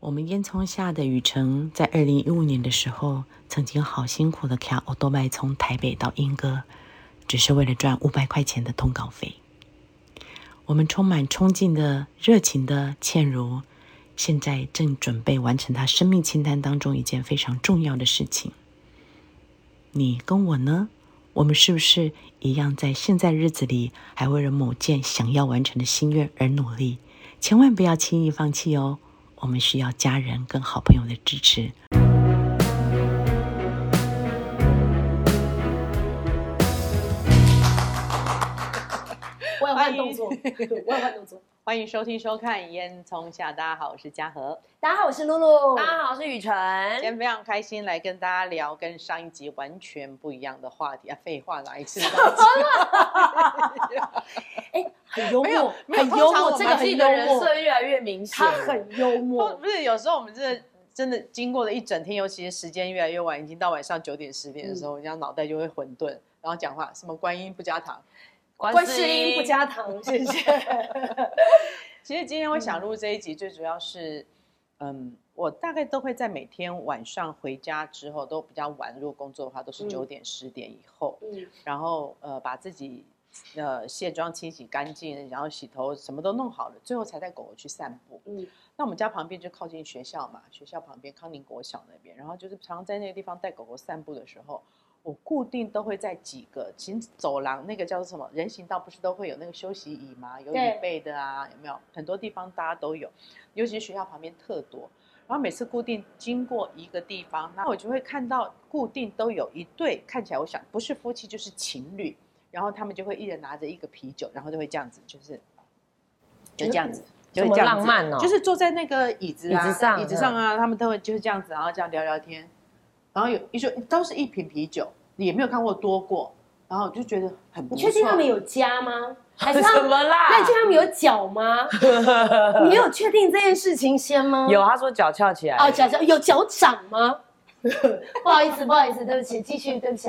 我們煙囪下的雨城，在二零一五年的時候，曾經好辛苦的開奧多麥從台北到鶯歌，只是為了賺五百塊錢的通告費。我們充滿衝勁的、熱情的倩茹，現在正準備完成她生命清單當中一件非常重要的事情。你跟我呢？我們是不是一樣，在現在日子裡還為了某件想要完成的心願而努力？千萬不要輕易放棄哦！我們需要家人跟好朋友的支持。我要換動作， 對，我要換動作。歡迎收聽收看《煙囪下》，大家好，我是嘉禾，大家好，我是露露，大家好，我是雨辰。今天非常開心來跟大家聊跟上一集完全不一樣的話題啊！廢話哪一次？什麼？哎，很幽默，沒有沒有很幽默，這個季的人設越來越明顯。他很幽默， 不是？有時候我們真的真的經過了一整天，尤其是時間越來越晚，已經到晚上九點十點的時候，人、嗯、家腦袋就會混沌，然後講話什麼觀音不加糖。觀世音不加糖，謝謝。 其實今天我想錄這一集，最主要是，嗯、嗯，我大概都會在每天晚上回家之後都比較晚，如果工作的話都是九點、嗯、十點以後，嗯，然後呃把自己呃卸妝清洗乾淨，然後洗頭什麼都弄好了，最後才帶狗狗去散步。嗯，那我們家旁邊就靠近學校嘛，學校旁邊康寧國小那邊，然後就是常常在那個地方帶狗狗散步的時候。我固定都會在幾個，行走廊，那個叫做什麼，人行道不是都會有那個休息椅嗎？有椅背的啊，對有沒有？很多地方大家都有，尤其是學校旁邊特多。然後每次固定經過一個地方，那我就會看到固定都有一對，看起來我想不是夫妻就是情侶，然後他們就會一人拿着一個啤酒，然後就會這樣子，就是就是，這樣子，就很浪漫哦，就是坐在那個椅子啊，椅子上，椅子上啊，他們都會就是這樣子，然後這樣聊聊天。然後有一說都是一瓶啤酒，你也沒有看過多過，然後就覺得很不。你確定他們有家嗎？還是什麼啦？那你確定他們有腳嗎？ 你沒有確定這件事情先嗎？有，他說腳翹起來。哦，腳翹有腳掌嗎？ 不好意思，不好意思，對不起，繼續，對不起，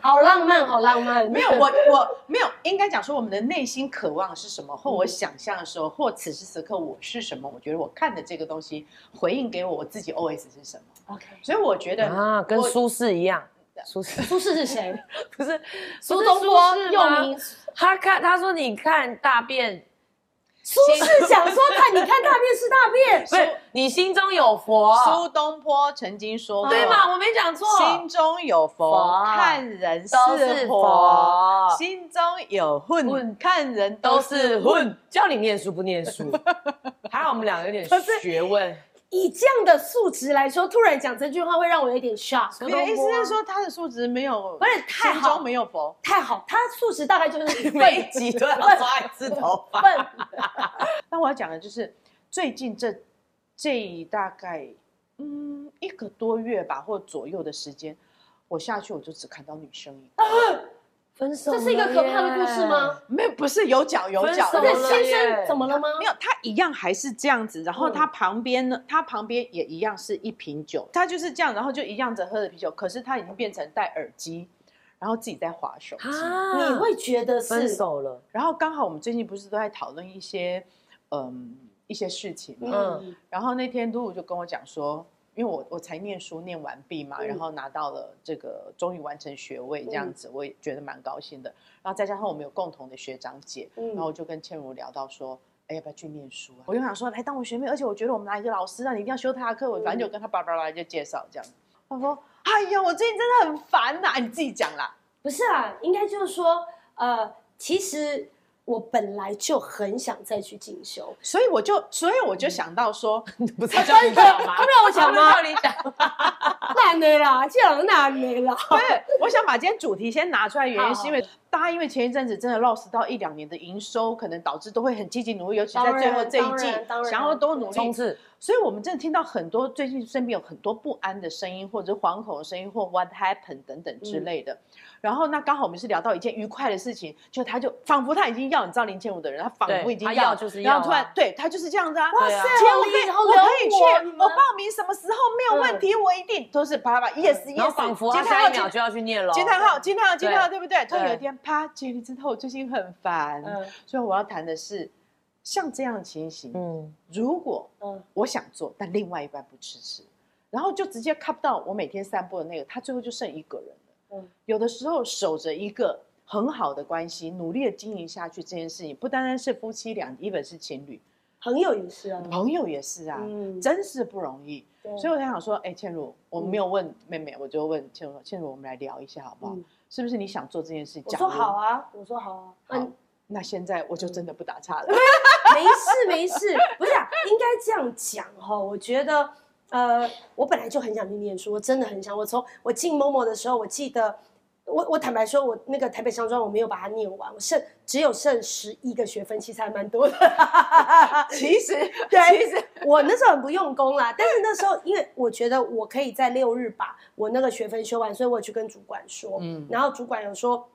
好浪漫，好浪漫。沒有，我我沒有，應該講說我們的內心渴望是什麼，或我想象的時候，嗯、或此時此刻我是什麼？我覺得我看的這個東西回應給我，我自己 OS 是什麼？OK，所以我覺得我啊，跟蘇軾一樣，蘇軾我，蘇軾是誰？ 不是蘇東坡嗎？又名他看，他說你看大便。蘇軾講說，看，你看大便是大便心，不是你心中有佛，啊？蘇東坡曾經說過，啊、對嗎？我沒講錯，心中有佛，佛啊，看人是都是佛；心中有混，混看人都是混。叫你念書不念書？ 還好我們兩個有點學問。是 以這樣的素質來說，突然講這句話會讓我有點 shock。我的意思是說，他的素質沒有不是太好，沒有薄太好，他素質大概就是 每集都要抓一次頭髮。 但我要講的就是，最近這這一大概嗯一個多月吧，或左右的時間，我下去我就只看到女生。 分手。這是一個可怕的故事嗎？耶 沒有，不是有腳有腳，的先生怎麼了嗎？沒有，他一樣還是這樣子，然後他旁邊呢，嗯、他旁邊也一樣是一瓶酒，他就是這樣，然後就一樣子喝著啤酒，可是他已經變成戴耳機，然後自己在滑手機，啊、你會覺得是分手了。然後剛好我們最近不是都在討論一些嗯一些事情嗎，嗯，然後那天露露就跟我講說。因為我我才念書念完畢嘛，嗯、然後拿到了這個終於完成學位這樣子，嗯、我也覺得蠻高興的。然後再加上我們有共同的學長姐，嗯、然後我就跟倩茹聊到說，哎要不要去念書啊？嗯、我就想說，來當我學妹，而且我覺得我們哪一個老師讓、啊、你一定要修他的課。嗯、我反正就跟他叭叭叭就介紹這樣。他說，哎呀，我最近真的很煩吶、啊，你自己講啦。不是啊，應該就是說，呃，其實。我本來就很想再去進修，所以我就，所以我就想到說，他、嗯、不在，他不要我講嗎？你講 哪裡了？講哪裡了？我想把今天主題先拿出來，原因是因為好好。大家因為前一陣子真的 lost 到一兩年的營收，可能導致都會很積極努力，尤其在最後這一季，想要多努力衝刺。所以，我們真的聽到很多最近身邊有很多不安的聲音，或者惶恐的聲音，或 What happened 等等之類的。然後，那剛好我們是聊到一件愉快的事情，就他就仿佛他已經要你知道零千五的人，他仿佛已經要就是要突然對他就是這樣子啊！哇塞，我可以，我可以去，我報名什麼時候沒有問題，我一定都是把把 yes yes。然後仿佛啊，下一秒就要去念了。驚嘆號，驚嘆號，驚嘆號，對不對？他有一天。啪！接力之後最近很煩，嗯、所以我要談的是像這樣情形。嗯，如果嗯我想做，但另外一半不支持，然後就直接卡到我每天散步的那個，他最後就剩一個人了。有的時候守着一個很好的關係，努力的經營下去這件事情，不單單是夫妻倆，一本是情侶，很有意思啊。朋友也是啊，啊、嗯，真是不容易。對，所以我才想說，哎、欸，倩茹，我沒有問妹妹，我就問倩茹，倩茹，我們來聊一下好不好？是不是你想做這件事情？我說好啊，我說好啊。好嗯，那現在我就真的不打岔了、嗯。沒事沒事，不是、啊、應該這樣講哈、哦？我覺得，呃，我本來就很想去念書，我真的很想。我從我進某某的時候，我記得。我我坦白說，我那個台北商專我沒有把它念完，我剩只有剩十一個學分，其實還蠻多的。 其實，對，其實 我那時候很不用功啦。但是那時候，因為我覺得我可以在六日把我那個學分修完，所以我有去跟主管說。嗯。然後主管有說，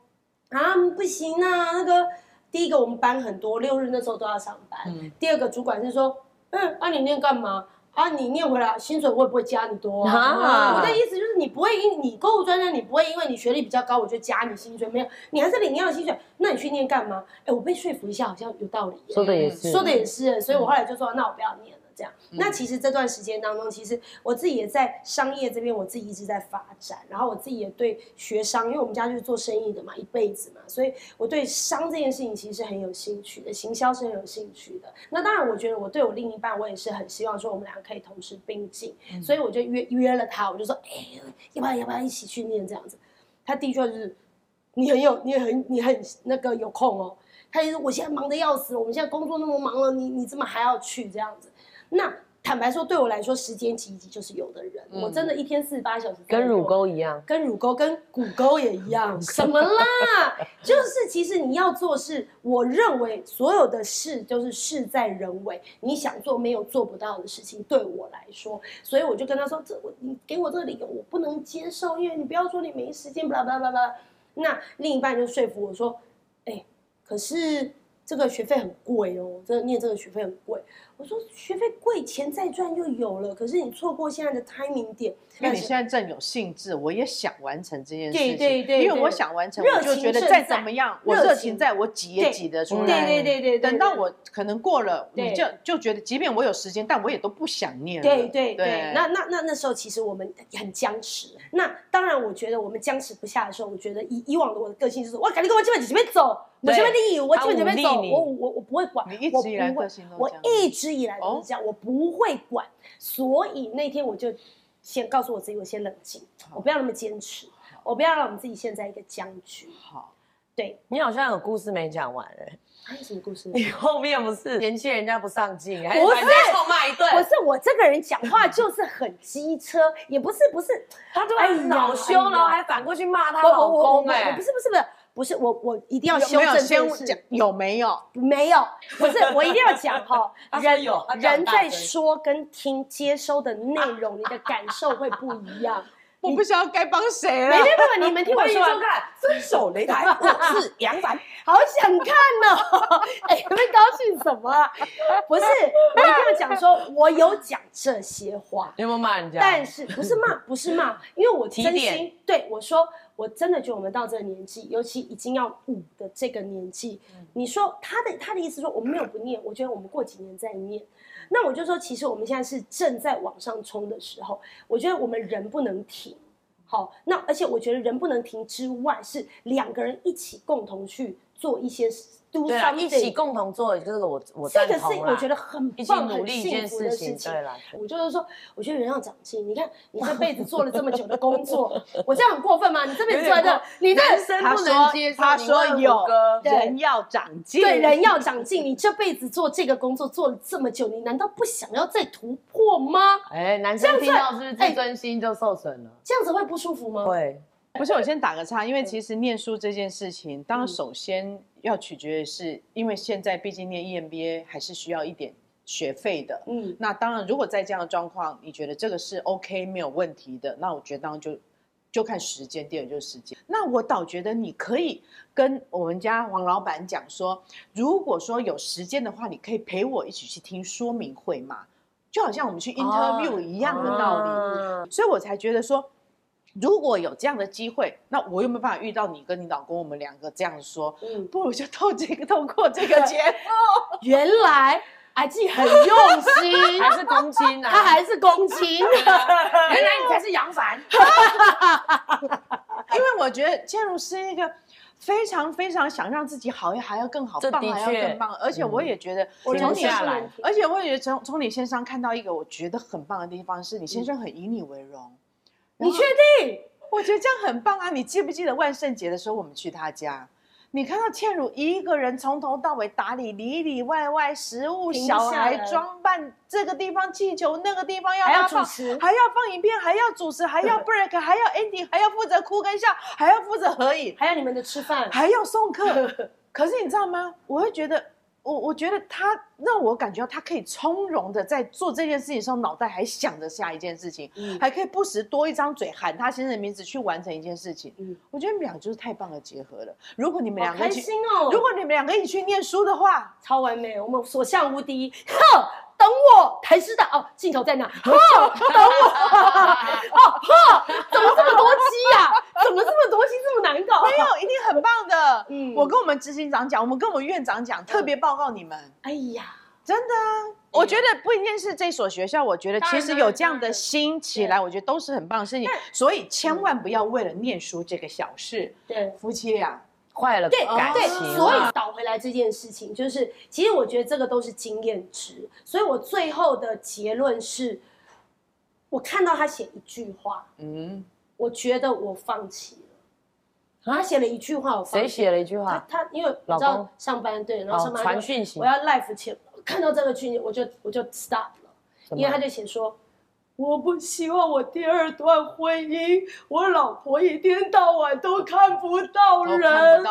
啊，不行啊，那個第一個我們班很多，六日那時候都要上班。嗯。第二個主管是說，嗯，那、啊、你念幹嘛？啊，你念回來，薪水會不會加你多？啊啊？我的意思就是，你不會因你夠專業，你不會因為你學歷比較高，我就加你薪水。沒有，你還是領一樣的薪水，那你去念幹嘛？哎、欸，我被說服一下，好像有道理。說的也是，說的也是，所以我後來就說，嗯、那我不要念。這樣，那其實這段時間當中，其實我自己也在商業這邊，我自己一直在發展。然後我自己也對學商，因為我們家就是做生意的嘛，一輩子嘛，所以我對商這件事情其實是很有興趣的，行銷是很有興趣的。那當然，我覺得我對我另一半，我也是很希望說我們兩個可以同時並進。嗯、所以我就約約了他，我就說，哎、欸，要不要要不要一起去念這樣子？他第一句話就是，你很有，你很你很那個有空哦。他就說，我現在忙得要死，我們現在工作那麼忙了，你你怎麼還要去這樣子？那坦白說，對我來說，時間擠一擠就是有的人，嗯、我真的一天四十八小時。跟乳溝一樣，跟乳溝、跟骨溝也一樣。 什麼啦？就是其實你要做事，我認為所有的事都是事在人為。你想做，沒有做不到的事情。對我來說，所以我就跟他說：“這我你給我這個理由，我不能接受，因為你不要說你沒時間。” blah blah blah blah 那另一半就說服我說：“哎，可是這個學費很貴哦，這個念這個學費很貴。”我說，學費貴，錢再賺又有了。可是你錯過現在的 timing 點，因為你現在正有興致，我也想完成這件事情。對對對，因為我想完成，我就覺得再怎麼樣，我熱情在我擠也擠得出來。對對對對，等到我可能過了，你就就覺得，即便我有時間，但我也都不想念。對對對，那那那那時候其實我們很僵持。那當然，我覺得我們僵持不下的時候，我覺得以以往的我的個性就是，我趕緊跟我基本前面走，我姐妹第一，我基本前面走，我我我不會管。你一直以來個性都這樣？我一直。一直以來都是這樣，我不會管，所以那天我就先告訴我自己，我先冷靜，我不要那麼堅持，我不要讓我們自己現在一個僵局。好，對你好像有故事沒講完哎，還有什麼故事？你後面不是嫌棄人家不上進，還反在臭罵一頓？不是，我這個人講話就是很機車，也不是不是，她就會惱羞，然後還反過去罵他老公哎，不是不是不是。不是我，我一定要修正。有沒有？沒有，不是我一定要講哈。人人在說跟聽接收的內容，你的感受會不一樣。我不知道該幫誰了。沒錯，你們聽我說說看。遵守擂台，我是楊好想看呢。哎，你們高興什麼？不是，我一定要講，說我有講這些話。你有沒有罵人家？但是不是罵？不是罵，因為我真心對我說。我真的覺得我們到這個年紀，尤其已經要五的這個年紀，你說他的他的意思說我們沒有不念，我覺得我們過幾年再念。那我就說，其實我們現在是正在往上衝的時候，我覺得我們人不能停。好，那而且我覺得人不能停之外，是兩個人一起共同去做一些事。對，一起共同做、就是、同這個，我我贊同這個是我覺得很很努力一件事情。事情對，對我就是說，我覺得人要長進。你看，你這輩子做了這麼久的工作， 我這樣很過分嗎？你這輩子做這個，你人生不能接受。他說，他說有對人，人要長進，對人要長進。你這輩子做這個工作做了這麼久，你難道不想要再突破嗎？哎、欸，男生聽到是，是自尊心就受損了這、欸，這樣子會不舒服嗎？會。不是，我先打個岔，因為其實念書這件事情，嗯、當然首先要取決的是，因為現在畢竟念 EMBA 還是需要一點學費的。嗯，那當然，如果在這樣的狀況，你覺得這個是 OK 沒有問題的，那我覺得當然就就看時間，第二就是時間。那我倒覺得你可以跟我們家王老闆講說，如果說有時間的話，你可以陪我一起去聽說明會嘛，就好像我們去 interview 一樣的道理。啊啊、所以，我才覺得說。如果有這樣的機會，那我又沒辦法遇到你跟你老公，我們兩個這樣說，嗯，不如就透這個透過這個節目。嗯、 原來自己 很用心，還是公親啊？他還是公親。 原來你才是楊凡，因為我覺得倩茹是一個非常非常想讓自己好，還要更好，的確，還要更棒。而且我也覺得，我從你，嗯、而且我也從從你先生看到一個我覺得很棒的地方，是你先生很以你為榮。嗯你確定、哦？我覺得這樣很棒啊！你記不記得萬聖節的時候，我們去他家，你看到倩如一個人從頭到尾打理裡裡外外食物、小孩裝扮，這個地方氣球，那個地方要還要主持，還要放影片，還要主持，還要 break，呵呵還要 ending，還要負責哭跟笑，還要負責合影，還要你們的吃飯，還要送客。呵呵可是你知道嗎？我會覺得。我我覺得他讓我感覺到他可以從容的在做這件事情的時候，腦袋還想着下一件事情，還可以不時多一張嘴喊他先生的名字去完成一件事情。嗯，我覺得你們倆就是太棒的結合了。如果你們兩個，你們兩個，哦，開心哦！如果你們兩個一起去念書的話，超完美，我們所向無敵。呵，等我，台師大哦，鏡頭在哪？呵，等我。 哦，呵，怎麼這麼多雞呀、啊？怎麼這麼多心這麼難搞，啊？沒有，一定很棒的。嗯，我跟我們執行長講，我們跟我們院長講，特別報告你們。哎呀，真的，我覺得不一定是這所學校，我覺得其實有這樣的心起來，我覺得都是很棒的事情。所以千萬不要為了念書這個小事，對夫妻倆，壞了對感情。所以倒回來這件事情，就是其實我覺得這個都是經驗值。所以我最後的結論是，我看到他寫一句話，嗯。我覺得我放棄了、啊、他寫了一句話，我放、誰寫了了一句話？他，他因為老公上班老公對，然後傳訊、哦、息，我要 life 前看到這個訊息，我就我就 stop 了，麼因為他就寫說，我不希望我第二段婚姻，我老婆一天到晚都看不到人，看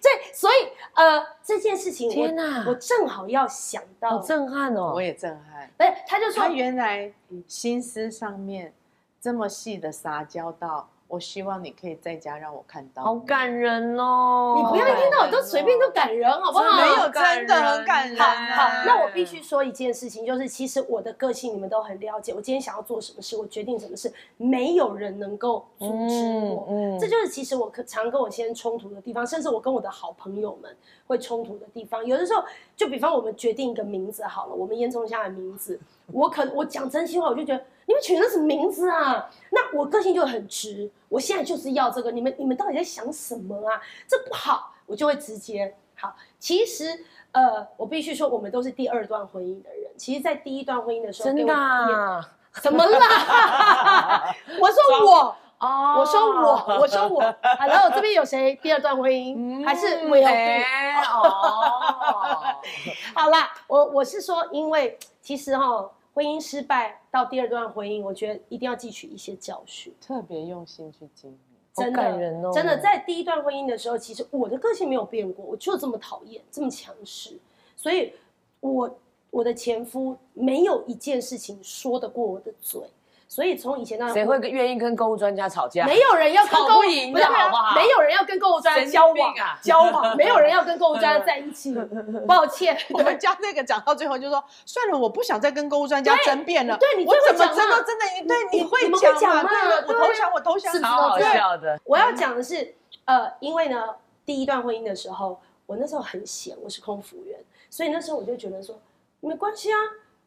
對，所以呃這件事情天哪，天我，我正好要想到，好震撼哦！我也震撼。不是，他就說他原來心思上面，這麼細的撒嬌道，我希望你可以在家讓我看到我。好感人哦！你不要一聽到我都隨便都感人，好，感人，哦、好不好？沒有，真的很感人好。好，那我必須說一件事情，就是其實我的個性你們都很了解。我今天想要做什麼事，我決定什麼事，沒有人能夠阻止我。嗯嗯、這就是其實我常跟我先生衝突的地方，甚至我跟我的好朋友們會衝突的地方。有的時候，就比方我們決定一個名字好了，我們煙囪下的名字，我可我講真心話，我就覺得。你們取的什麼名字啊？那我個性就很直，我現在就是要這個。你們你們到底在想什麼啊？這不好，我就會直接。好，其實呃，我必須說，我們都是第二段婚姻的人。其實，在第一段婚姻的時候，真的啊，怎麼啦？ 我說我哦，我說我，我說我。Hello，這邊有誰第二段婚姻？嗯，還是沒有，欸？哦， 好啦，我我是說，因為其實哈。婚姻失敗到第二段婚姻，我覺得一定要汲取一些教訓，特別用心去經營，真的，人哦、真的在第一段婚姻的時候，其實我的個性沒有變過，我就這麼討厭，這麼強勢，所以我我的前夫沒有一件事情說得過我的嘴。所以從以前呢，誰會願意跟購物專家吵架？沒有人要跟購物，不是沒有人要跟購物專家交往啊，交往。沒有人要跟購物專家在一起。抱歉，我們家那個講到最後就說，算了，我不想再跟購物專家爭辯了。對你，我怎麼爭都爭的贏。對，你會講嗎？對，我投降，我投降。是好好笑的。我要講的是，呃，因為呢，第一段婚姻的時候，我那時候很閒，我是空服員，所以那時候我就覺得說，沒關係啊，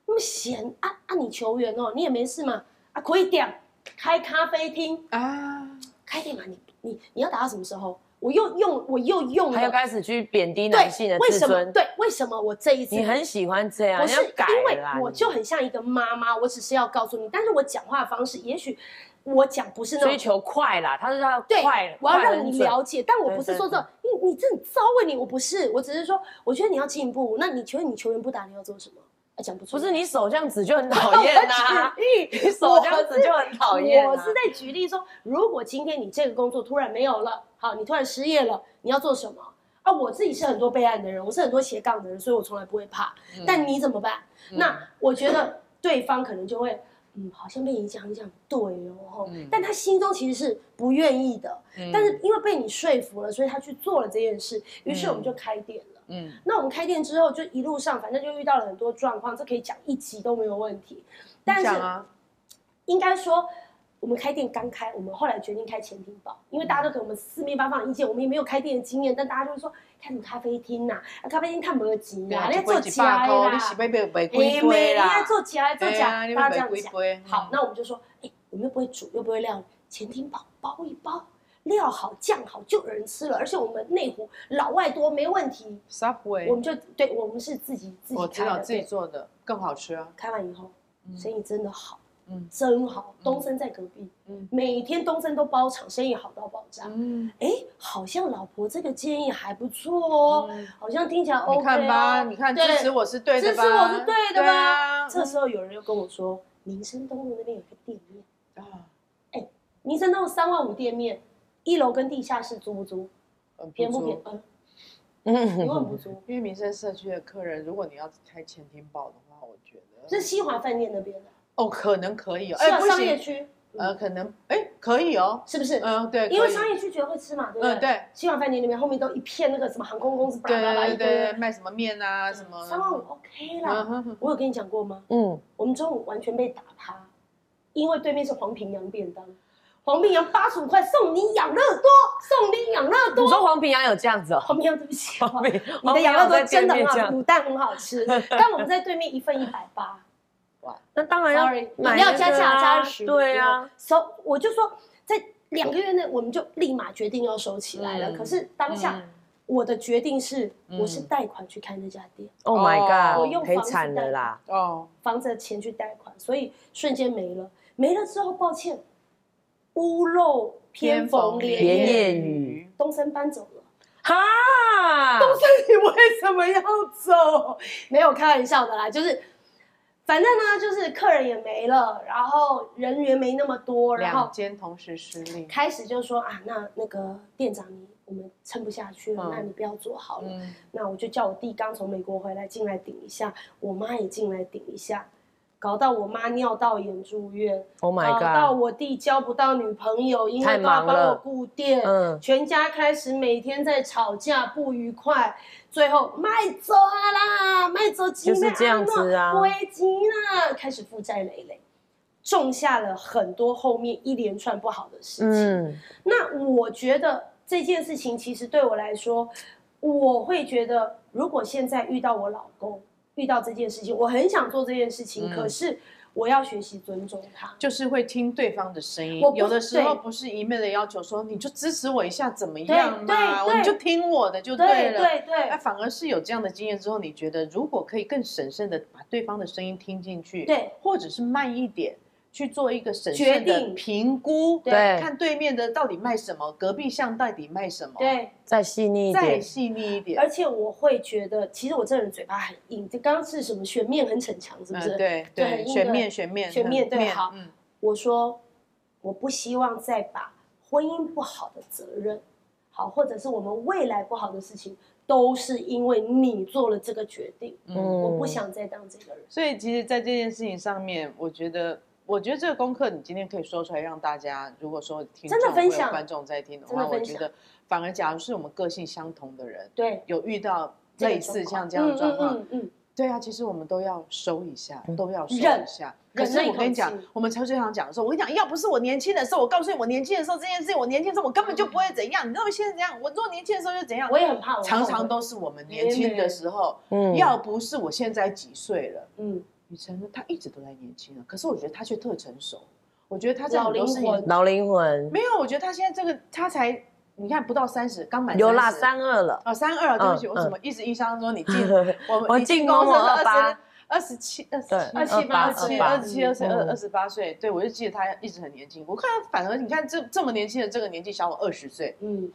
那麼閒啊啊，你求援哦，你也沒事嘛。啊，可以點開咖啡廳啊，開店嘛、啊？你你你要打到什麼時候？我又用我又用了，還要開始去貶低男性的？對，為什麼？對，為什麼？我這一次你很喜歡這樣、啊，我是要改因為我就很像一個媽媽，我只是要告訴你，但是我講話的方式，你也許我講不是那麼。追求快啦，他是要快，對快我要讓你了解，但我不是說這個、你你這種糟，問你我不是，我只是說，我覺得你要進步，那你覺得你球員不打，你要做什麼？講、啊、不出，不是你手這樣子就很討厭吶， 是你手這樣子就很討厭、啊。我是在舉例說，如果今天你這個工作突然沒有了，好，你突然失業了，你要做什麼？啊，我自己是很多備案的人，我是很多斜槓的人，所以我從來不會怕。但你怎麼辦？嗯、那、嗯、我覺得對方可能就會，嗯，好像被你講一講對哦，嗯、但他心中其實是不願意的。嗯、但是因為被你說服了，所以他去做了這件事。於是我們就開店。嗯，那我們開店之後就一路上反正就遇到了很多狀況，這可以講一集都沒有問題。但是應該說我們開店剛開，我們後來決定開前廳包，因為大家都給我們四面八方的意見，我們也沒有開店的經驗，但大家就會說開什麼咖啡廳吶、啊？咖啡廳賺沒錢啦，連對做家啦，你是杯杯，要賣幾杯啦？欸、你做起來做家，啊、大家這樣子。嗯、好，那我們就說，誒、欸，我們又不會煮，又不會料理，前廳寶，包一包。料好醬好，就有人吃了。而且我們內湖老外多，沒問題。Subway，我們就對，我們是自己自己開的，自己做的更好吃啊！開完以後，生意真的好，嗯，真好。東森在隔壁，嗯，每天東森都包場，生意好到爆炸。嗯，哎，好像老婆這個建議還不錯哦，好像聽起來 OK。你看吧，你看支持我是對的吧？支持我是對的吧？這時候有人又跟我說，民生東路那邊有一個店面啊，哎，民生東路三萬五店面。一樓跟地下室租不租？嗯，偏不偏？嗯，我很不租？因為民生社區的客人，如果你要開前廳報的話，我覺得，是西華飯店那邊的。哦，可能可以哦。西華商業區。呃，可能，哎，可以哦。是不是？嗯，對。因為商業區絕對會吃嘛，對不對？對。西華飯店那邊後面都一片那個什麼航空公司大樓，一堆賣什麼麵啊什麼。三萬五 OK 啦。我有跟你講過嗎？嗯。我們中午完全被打趴，因為對面是黃平洋便當。黃平洋八十五塊送你養樂多，送你養樂多。你說黃平洋有這樣子哦？黃平洋對不起，黃平洋，你的養樂多真的很好，滷蛋很好吃。但我們在對面一份一百八，哇，那當然要你要加價加二十，對啊，So。我就說在兩個月內，我們就立馬決定要收起來了。可是當下我的決定是，我是貸款去開那家店。Oh my god，我用房產的啦，哦，房子的錢去貸款，所以瞬間沒了。沒了之後，抱歉。屋漏偏逢連夜雨，東森搬走了，哈，東森你為什麼要走？沒有開玩笑的啦，就是，反正呢，就是客人也沒了，然後人員沒那麼多，然後兩間同時失利，開始就說啊，那那個店長我們撐不下去了，哦、那你不要做好了，嗯、那我就叫我弟剛從美國回來進來頂一下，我媽也進來頂一下。搞到我媽尿道炎住院，Oh my God, 搞到我弟交不到女朋友，因為爸爸要顧店，嗯、全家開始每天在吵架不愉快，最後賣車啦，賣車幾賣啊，虧錢了，開始負債累累，種下了很多後面一連串不好的事情。嗯、那我覺得這件事情其實對我來說，我會覺得如果現在遇到我老公。遇到這件事情，我很想做這件事情，嗯、可是我要學習尊重他，就是會聽對方的聲音。我有的時候不是一味的要求說，你就支持我一下，怎麼樣嘛？對對，你就聽我的就對了。對對，那反而是有這樣的經驗之後，你覺得如果可以更審慎的把對方的聲音聽進去，對，或者是慢一點。去做一個審慎的，評估，對，看對面的到底賣什麼，對隔壁巷到底賣什麼，對，再細膩一點，再細膩一點。而且我會覺得，其實我這人嘴巴很硬，就剛剛是什麼？選面很逞強，是不是？嗯、對，對，選面，選面，選面，對，好。嗯、我說，我不希望再把婚姻不好的責任，好，或者是我們未來不好的事情，都是因為你做了這個決定。嗯，我不想再當這個人。所以，其實，在這件事情上面，我覺得。我覺得這個功課你今天可以說出來，讓大家如果說聽眾、觀眾在聽的話，我覺得反而，假如是我們個性相同的人，對，有遇到類似像這樣的狀況，嗯嗯嗯，嗯嗯嗯對啊，其實我們都要收一下，嗯、都要忍一下。人可是我跟你講，我們常經常講的時候我跟你講，要不是我年輕的時候，我告訴你，我年輕的時候這件事情，我年輕的時候我根本就不會怎樣。Okay. 你知道現在怎樣？我若年輕的時候就怎樣？我也很怕我。常常都是我們年輕的時候，嗯，要不是我現在幾歲了，嗯。雨辰呢，他一直都在年輕啊，可是我覺得他卻特成熟。我覺得他是老靈魂，老靈魂。沒有，我覺得他現在這個，他才你看不到三十，剛滿三十。有啦，三二了。哦，三二了，對不起，我怎麼一直印象中你進我我進公司。我二八二十七二十七八二十七二十七二十二二十八歲。對，我就記得他一直很年輕。我看，反而你看這這麼年輕的這個年紀，小我二十歲。嗯。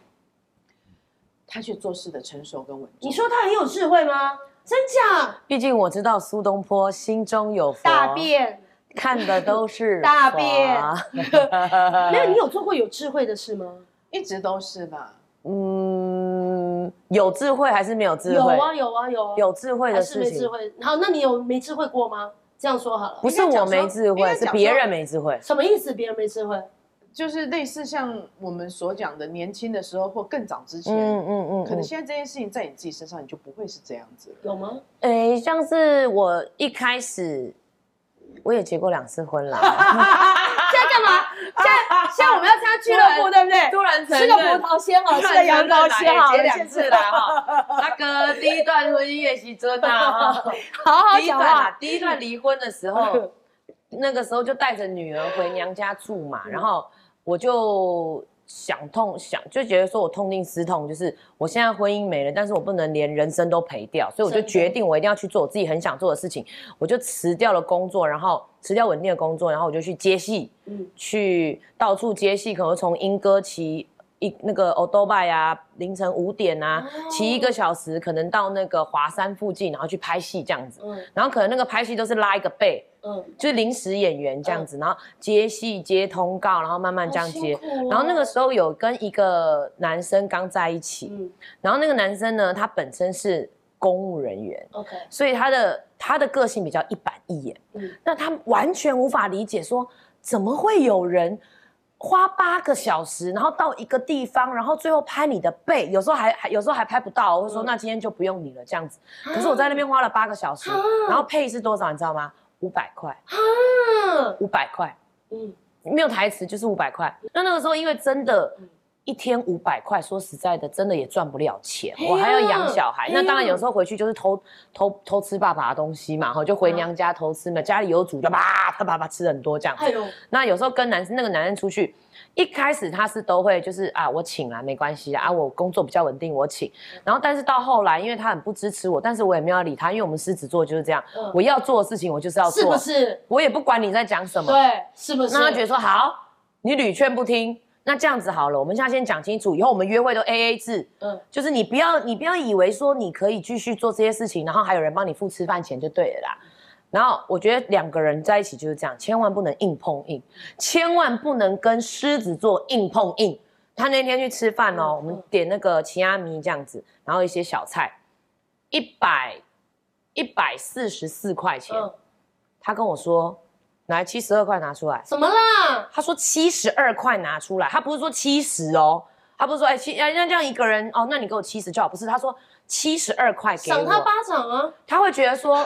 他卻做事的成熟跟穩定。你說他很有智慧嗎？真假，畢竟我知道蘇東坡心中有大便，看的都是大便。 沒有，你有做過有智慧的事嗎？一直都是吧。嗯，有智慧還是沒有智慧？有啊有啊有啊。有智慧的事情。還是沒智慧。好，那你有沒智慧過嗎？這樣說好了，不是我沒智慧，是別人沒智慧。什麼意思？別人沒智慧。就是類似像我們所講的年輕的時候或更早之前，嗯嗯嗯，可能現在這件事情在你自己身上你就不會是這樣子，有嗎？哎，像是我一開始我也結過兩次婚了，現在幹嘛？現在現在我們要參加俱樂部對不對？突然吃個葡萄先，好吃個楊桃先啊，結兩次了哈。大哥，第一段婚姻也是遮大好，好好講話。第一段離婚的時候，那個時候就帶着女兒回娘家住嘛，然後，我就想痛想就覺得說我痛定思痛，就是我現在婚姻沒了，但是我不能連人生都賠掉，所以我就決定我一定要去做我自己很想做的事情，我就辭掉了工作，然後辭掉穩定的工作，然後我就去接戲，嗯、去到處接戲，可能從鶯歌起，一那個歐多拜啊，凌晨五點啊，騎、oh. 一個小時，可能到那個華山附近，然後去拍戲這樣子。嗯，然後可能那個拍戲都是拉一個背，嗯，就是臨時演員這樣子，嗯、然後接戲接通告，然後慢慢這樣接。哦、然後那個時候有跟一個男生剛在一起，嗯、然後那個男生呢，他本身是公務人員，OK，所以他的他的個性比較一板一眼，嗯，那他完全無法理解說怎麼會有人。花八個小時，然後到一個地方，然後最後拍你的背，有時候還還有時候還拍不到，我會說、嗯、那今天就不用你了這樣子。可是我在那邊花了八個小時，嗯、然後配是多少你知道嗎？五百塊，五百塊，嗯，沒有台詞就是五百塊。那那個時候因為真的。嗯一天五百塊，說實在的，真的也賺不了錢，啊、我還要養小孩。啊、那當然有時候回去就是偷偷偷吃爸爸的東西嘛，哈、哦，就回娘家偷吃嘛，嗯、家裡有煮的、啊，他爸爸吃很多這樣子。子、哎、呦，那有時候跟男那個男人出去，一開始他是都會就是啊，我請啦，沒關係啊，我工作比較穩定，我請。然後但是到後來，因為他很不支持我，但是我也沒有理他，因為我們獅子座就是這樣，嗯、我要做的事情我就是要做，是不是？我也不管你在講什麼，對，是不是？那他覺得說好，你屢勸不聽。那這樣子好了，我們現在先講清楚，以後我們約會都 A A 制。嗯，就是你不要，你不要以為說你可以繼續做這些事情，然後還有人幫你付吃飯錢就對了啦。然後我覺得兩個人在一起就是這樣，千萬不能硬碰硬，千萬不能跟獅子座硬碰硬。他那天去吃飯哦，我們點那個奇阿米這樣子，然後一些小菜，一百一百四十四塊錢，他跟我說。來七十二塊拿出來，什麼啦？他說七十二塊拿出來，他不是說七十哦，他不是說哎七哎那這樣一個人哦，那你給我七十就好，不是？他說七十二塊給我，賞他巴掌啊！他會覺得說，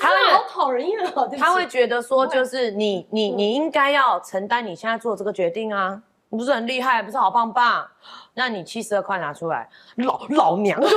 他好討人厭啊！他會覺得說，就是你你你應該要承擔你現在做這個決定啊！你不是很厲害，不是好棒棒？那你七十二塊拿出來，老老娘就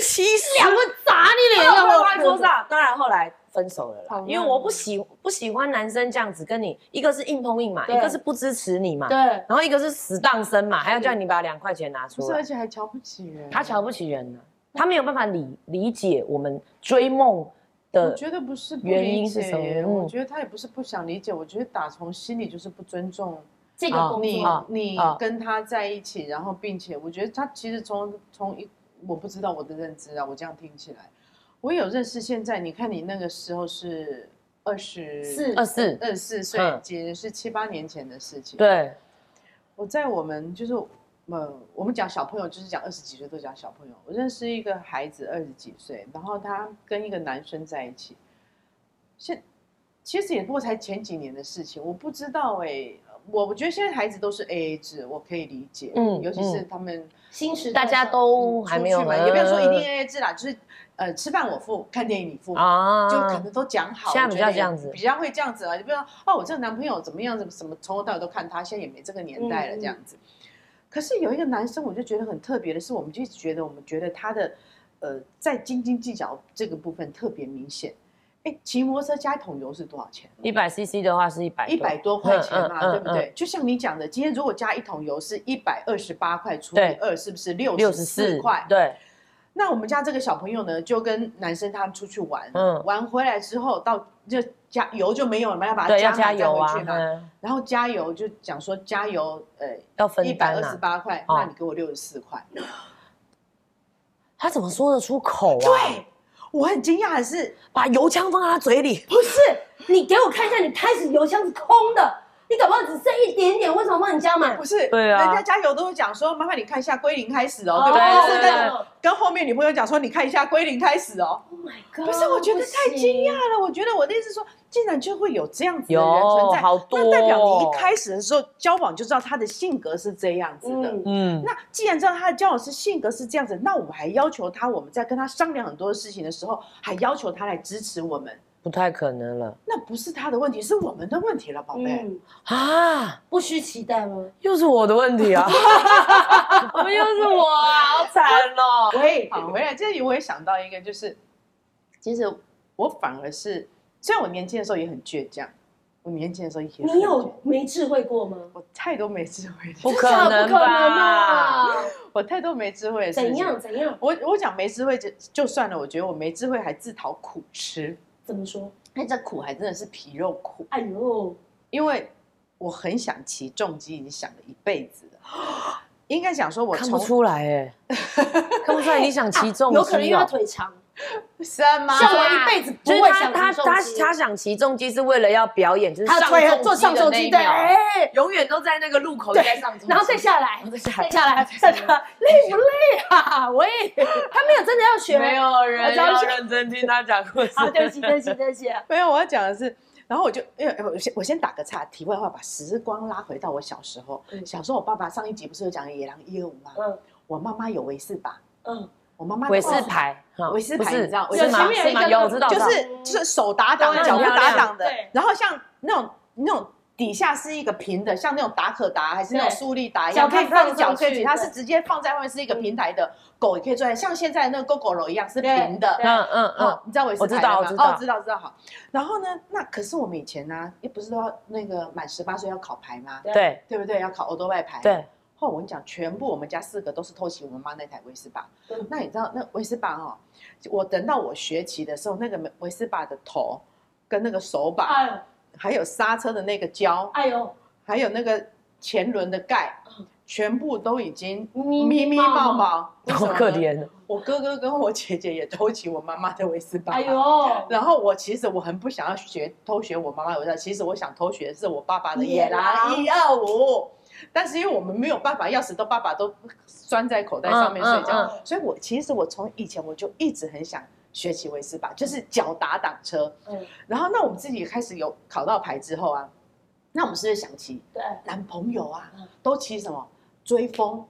七十，兩棍砸你臉上，放在桌上。當然後來。分手了啦，因為我不喜不喜歡男生這樣子跟你，一個是硬碰硬嘛，對一個是不支持你嘛，對，然後一個是死當生嘛，對還要叫你把兩塊錢拿出來，不是，而且還瞧不起人、啊。他瞧不起人呢、啊，他沒有辦法理理解我們追夢的，我覺得不是原因是什麼原因？我覺得他也不是不想理解，我覺得打從心裡就是不尊重這個。你你跟他在一起，嗯、然後並且我覺得他其實從從一我不知道我的認知啊，我這樣聽起來。我有認識，現在你看你那個時候是二十四、二十四、二十四歲，簡直是七八年前的事情。對，我在我們就是，呃，我們講小朋友，就是講二十幾歲都講小朋友。我認識一個孩子二十幾歲，然後他跟一個男生在一起，現其實也不過才前幾年的事情。我不知道哎、欸，我我覺得現在孩子都是 A A 制，我可以理解。嗯，嗯，尤其是他們新時代大家都、嗯、還沒有，也不要說一定 A A 制啦，就是。呃，吃飯我付，看電影你付，嗯啊、就可能都講好，比較這樣子，比較會這樣子啊。你不知道哦，我這個男朋友怎麼樣？怎麼什麼從頭到尾都看他，現在也沒這個年代了，這樣子。嗯、可是有一個男生，我就覺得很特別的是，我們就覺得我們覺得他的，呃，在斤斤計較這個部分特別明顯。哎、欸，騎摩托車加一桶油是多少錢？一百 CC 的話是一百，一百多塊錢嘛、啊，嗯嗯嗯、對不對？就像你講的，今天如果加一桶油是一百二十八塊除以二對，是不是六六十四塊？64, 對。那我們家這個小朋友呢，就跟男生他們出去玩，嗯，玩回來之後，到就加油就沒有了嘛、嗯他，要把加油再，啊、加回去然後、嗯、然後加油就講說加油，呃，要分一百二十八塊，那你給我六十四塊，他怎麼說得出口啊？對，我很驚訝的是，把油槍放到他嘴裡，不是，你給我看一下，你開始油槍是空的。你搞不好只剩一點點，為什麼幫你加滿？不是，對啊，人家加油都會講說，麻煩你看一下歸零開始哦，對、oh、不是對？跟後面女朋友講說，你看一下歸零開始哦。Oh my god！不是，我覺得太驚訝了。行我覺得我的意思說，竟然就會有這樣子的人存在，好多，那代表你一開始的時候交往就知道他的性格是這樣子的。嗯，那既然知道他的交往是性格是這樣子，嗯、那我還要求他，我們在跟他商量很多的事情的時候，還要求他來支持我們。不太可能了，那不是他的問題，是我們的問題了，寶貝。啊，不需期待嗎、啊？又是我的問題啊！ 我們又是我、啊，好慘哦。喂會，好，回來這裡，我也想到一個，就是其實我反而是，雖然我年輕的時候也很倔強，我年輕的時候也你有沒智慧過嗎？我太多沒智慧，不可能吧？我太多沒智慧是是，怎樣怎樣？我我講沒智慧就就算了，我覺得我沒智慧還自討苦吃。怎麼說？那、欸、這苦還真的是皮肉苦。哎呦，因為我很想騎重機。你想了一輩子了，應該想說我看不出來哎，欸， 看不出來你想騎重機。喔，啊，有可能因為他腿長。什麼？我一輩子不會想。他他他想騎重機是為了要表演，就是做上重機對，哎，永遠都在那個路口就在上，重機然後再下來，下來再下來，累不累啊？我也他沒有真的要學，沒有人要認真聽他講故事。好，對不起，對不起，對不起，沒有我要講的是，然後我就因為，我先我先打個岔，題外話，把時光拉回到我小時候。小時候我爸爸上一集不是有講野狼一二五嗎？我媽媽有為是吧？嗯。偉士牌，偉士牌，你知道？有前面有一個，有就是就是手打檔，腳打檔的。然後像那種那種底下是一個平的，像那種達可達還是那種蘇力達一樣，腳可以放，腳可以，它是直接放在外面是一個平台的，狗也可以坐在，像現在那個 Gogoro 一樣是平的。嗯嗯嗯，你知道偉士牌嗎？我知道，我知道，哦知道知道好。然後呢，那可是我們以前呢，也不是說那個滿十八歲要考牌嗎？對，對不對？要考歐兜拜牌。對。後來我跟你講，全部我們家四個都是偷騎我們媽那台威斯巴。對那你知道那威斯巴哈、哦？我等到我學騎的時候，那個威斯巴的頭，跟那個手把，哎、還有剎車的那個膠，哎、呦還有那個前輪的蓋，哎、呦全部都已經咪咪冒冒。好可憐。我哥哥跟我姐姐也偷騎我媽媽的威斯巴。哎呦！然後我其實我很不想要學偷學我媽媽，我知道。其實我想偷學的是我爸爸的野狼拉一二五。但是因為我們沒有辦法，鑰匙都爸爸都拴在口袋上面睡覺，所以我其實我從以前我就一直很想學騎偉士牌，就是腳打擋車嗯，然後那我們自己開始有考到牌之後啊，那我們是不是想騎？對，男朋友啊都騎什麼？追風、哦，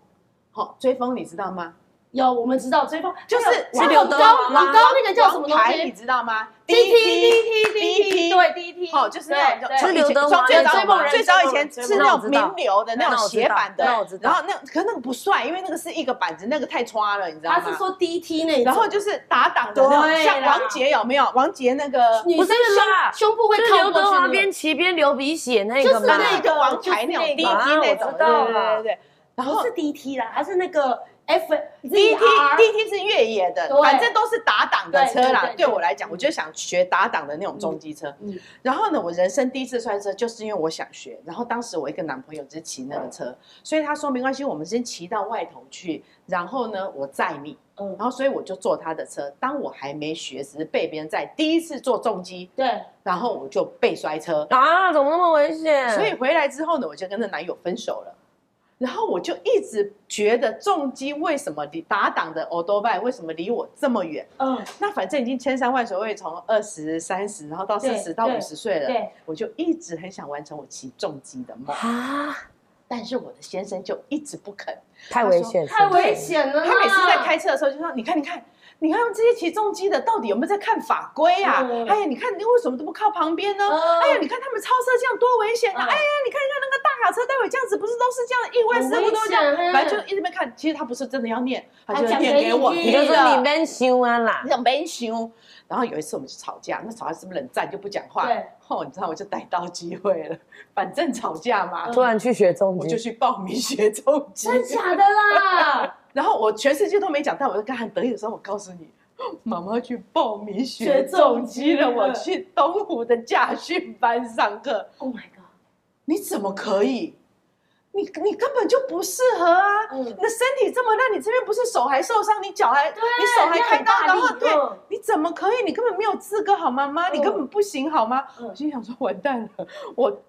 好追風，你知道嗎？有，我們知道追風就是有高，有高那個叫什麼東西，你知道嗎？D T D T D T，對，D T，哦，就是那種，就是劉德華最早最早以前是那種名流的那種斜板的，然後那可那個不帥，因為那個是一個板子，那個太誇了，你知道嗎？他是說 D T 那，然後就是打擋的，對，像王傑有沒有？王傑那個不是胸，胸部會靠過去，就是劉德華邊騎邊流鼻血那個，就是那個王傑那種 D T。我知道了，對對對，然後是 D T 啦，還是那個。F Z D T D T 是越野的，對反正都是打檔的車啦。對，對，對，對，對我來講，嗯、我就想學打檔的那種重機車。嗯，嗯，然後呢，我人生第一次摔車，就是因為我想學。然後當時我一個男朋友只是騎那個車，嗯、所以他說沒關係，我們先騎到外頭去，然後呢，我載你。嗯，然後所以我就坐他的車。當我還沒學時，被別人載第一次坐重機，對、嗯，然後我就被摔車啊！怎麼那麼危險？所以回來之後呢，我就跟那男友分手了。然後我就一直覺得重機為什麼離打擋的歐多拜為什麼離我這麼遠？嗯，那反正已經千山萬水，我也從二十三十，然後到四十到五十歲了，對，我就一直很想完成我騎重機的夢啊！但是我的先生就一直不肯，太危險，太危險了！他每次在開車的時候就說：“你看，你看。”你看這些騎重機的，到底有沒有在看法規啊？對對對，哎呀，你看你為什麼都不靠旁邊呢？嗯、哎呀，你看他們超車這樣多危險啊！嗯、啊哎呀，你看一下那個大卡車，待會這樣子不是都是這樣的意外事故都這樣？反正、啊、就一直沒看。其實他不是真的要念，他就念給我。你就說你修啊啦，你沒修。然後有一次我們就吵架，那吵架是不是冷戰就不講話？對。哦，你知道我就逮到機會了，反正吵架嘛，突然去學中、嗯，我就去報名學重機。真的假的啦？ 然後我全世界都沒講，但我在剛很得意的時候，我告訴你，媽媽去報名學重機了，機了，我去東湖的駕訓班上課。Oh my god！你怎麼可以？你你根本就不適合啊！你的身體這麼爛，你這邊不是手還受傷，你腳還，你手還開刀，然後對，你怎麼可以？你根本沒有資格好嗎？媽，你根本不行好嗎？我心想說，完蛋了！我我